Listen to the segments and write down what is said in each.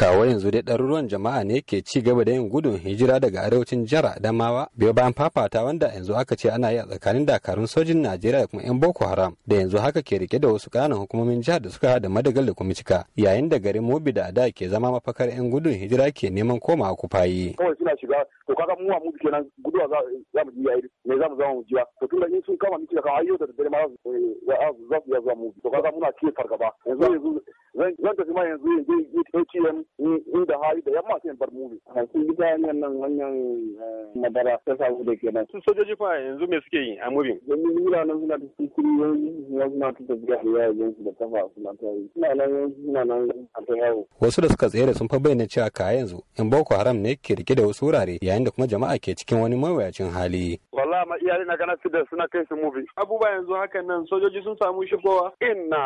kawo yanzu dai ɗaruruwan jama'a ne ke ci gaba da yin gudun hijira daga arewacin jihar adamawa biyo bayan fafata wanda yanzu aka ce ana yi a tsakanin dakarun sojin najeriya da kuma 'yan boko haram da yanzu haka ke rike da wasu ƙananan hukumomin jihar da suka haɗa madagal da kuma cika yayin da garin mobi da ada ke zama mafakar 'yan gudun hijira ke neman koma kufayi. kawai suna shiga to yanzu yanzu zan tafi ma yanzu yanzu yi inda hali da yamma sai bar mubi a sun gida hanyar nan hanyar eh, madara ta samu da kenan su sojoji fa yanzu me suke yi a mubi yanzu wura nan suna tafi kuri yanzu suna ta tafi da yawa yanzu da kafa suna ta yi suna nan yanzu suna nan a ta yawo wasu da suka tsere sun fa bayyana cewa ka yanzu in boko haram ne ke rike da wasu wurare yayin da kuma jama'a ke cikin wani mawuyacin hali wallahi ma iyali na gana da suna kai su mubi abubuwa yanzu hakan nan sojoji sun samu shigowa inna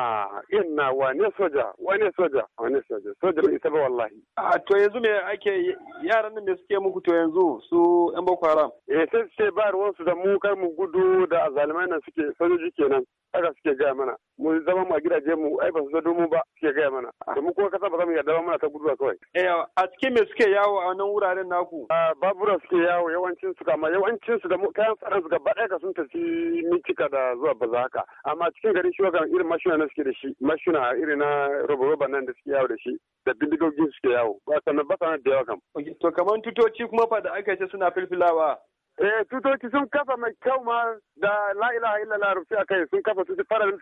inna ne soja wani soja wani soja soja bai isa ba wallahi a to yanzu me ake yaran nan da suke muku to yanzu su yan boko haram eh sai sai ba ruwan su da mu kar mu gudu da azalmai nan suke sojoji kenan haka suke gaya mana mu zama mu a gidaje mu ai ba su zo mu ba suke gaya mana da mu kuma kasa ba za mu yarda ba muna ta guduwa kawai eh a cikin me suke yawo a nan wuraren naku a babura suke yawo yawancin su kama yawancin su da kayan tsaron su gaba ɗaya ka sun tafi mintika da zuwa bazaka amma cikin gari shi irin mashina na suke da shi mashina irin na roba nan da suke yawo da shi da bindigogin suke yawo ba sannan ba sannan da yawa kam. to kamar tutoci kuma fa da aka ce suna filfilawa Eh, tutoci sun kafa mai kyau ma da la ilaha illallah rufi akai sun kafa tutoci fararen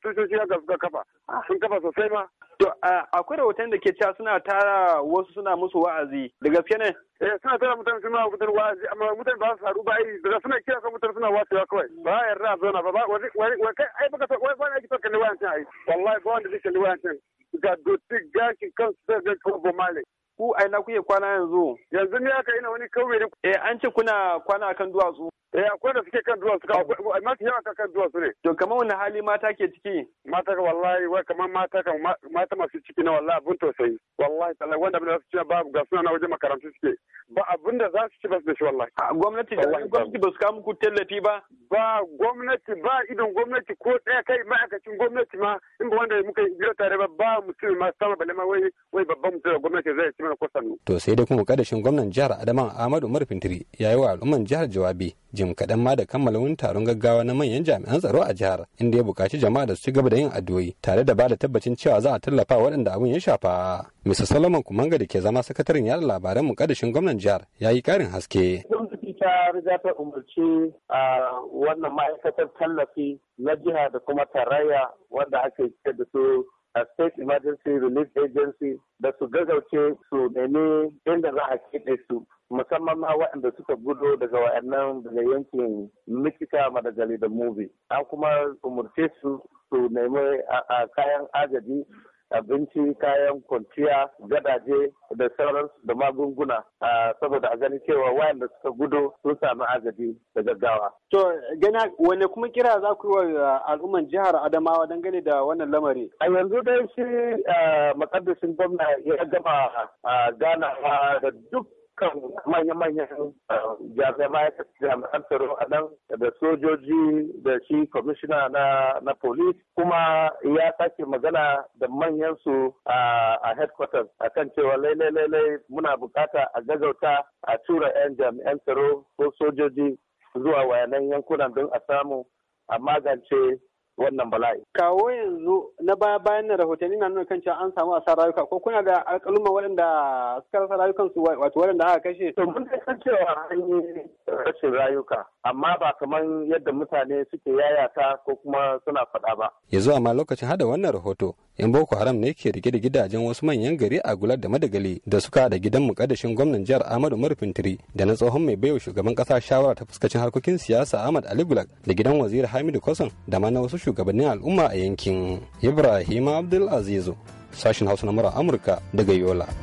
tutoci haka suka kafa sun kafa sosai ma. To akwai rahoton da ke cewa suna tara wasu suna musu wa'azi da gaske ne? Eh suna tara mutane suna mutane wa'azi amma mutane ba su haɗu ba ai daga suna kira kan mutane suna wacewa kawai ba a yarda a zauna ba ba wani wani kai ai baka sa wani ake son kalli wayancin ai wallahi ba wanda zai kalli wayancin ga dotti gashin kansu sai ga kawo bomale. ku a ina kuke kwana yanzu yanzu ne aka ina wani kauye ne eh an ce kuna kwana kan duwatsu eh akwai da suke kan duwatsu akwai mafi yawa kan kan duwatsu ne to kamar wani hali mata ke ciki mata ka wallahi wai kamar mata ka mata masu ciki na wallahi abun tausayi wallahi tallahi wanda abin da su ci ba ga suna na waje makarantu suke ba abun da za su ci ba su da shi wallahi gwamnati da gwamnati ba su kawo muku tallafi ba ba gwamnati ba idon gwamnati ko ɗaya kai ma'aikacin gwamnati ma in ba wanda muka yi tare ba ba mutum ma sama balama wai wai babban mutum da gwamnati zai ci mana kwasan to sai dai kuma kadashin gwamnan jihar Adama Ahmadu Umar Fintiri yi wa al'umman jihar jawabi jim kaɗan ma da kammala wani taron gaggawa na manyan jami'an tsaro a jihar inda ya buƙaci jama'a da su ci gaba da yin addu'o'i tare da ba da tabbacin cewa za a tallafa waɗanda abin ya shafa. Mr. Solomon Kumanga da ke zama sakataren yada labaran mu kadashin gwamnan jihar ya yi ƙarin haske. ta riga ta umarci a wannan ma'aikatar tallafi na jiha da kuma tarayya wanda ake ce da su a state emergency relief agency da su gagauce su nemi inda za a keɗe su musamman ma waɗanda suka gudu daga wa'annan daga yankin mikita madagali da movie an kuma umarce su su nemi a kayan agaji abinci kayan kwanciya gadaje da sauransu da magunguna saboda a gani cewa wayanda suka gudu sun sami agaji da gaggawa. To gana wane kuma kira za ku yi wa al'umman jihar Adamawa dangane da wannan lamari? A yanzu dai shi makaddashin gwamna ya gama ganawa da duk kan manya-manyan uh, jami'an tsaro a nan da sojoji da shi kwamishina na police kuma ya sake magana da manyansu su a headquarters a kan cewa lailai-lailai muna bukata a gagauta a tura 'yan jami'an tsaro ko sojoji zuwa wayanan yankunan don a samu a magance wannan bala'i. Kawo yanzu na baya bayan na rahoton na nuna kan cewa an samu asar rayuka ko kuna da alƙaluma waɗanda suka rasa rayukansu wato waɗanda aka kashe. To mun san cewa an yi rashin rayuka amma ba kamar yadda mutane suke yayata ko kuma suna faɗa ba. Yanzu amma lokacin hada wannan rahoto yan boko haram ne ke rike da gidajen wasu manyan gari a gular da madagali da suka da gidan mukaddashin gwamnan jihar ahmadu fintiri da na tsohon mai baiwa shugaban kasa shawara ta fuskacin harkokin siyasa ahmad ali gulak da gidan wazir hamidu kwasan da ma na wasu shugabannin al'umma a yankin ibrahim abdul azizu sashin hausa na mura amurka daga yola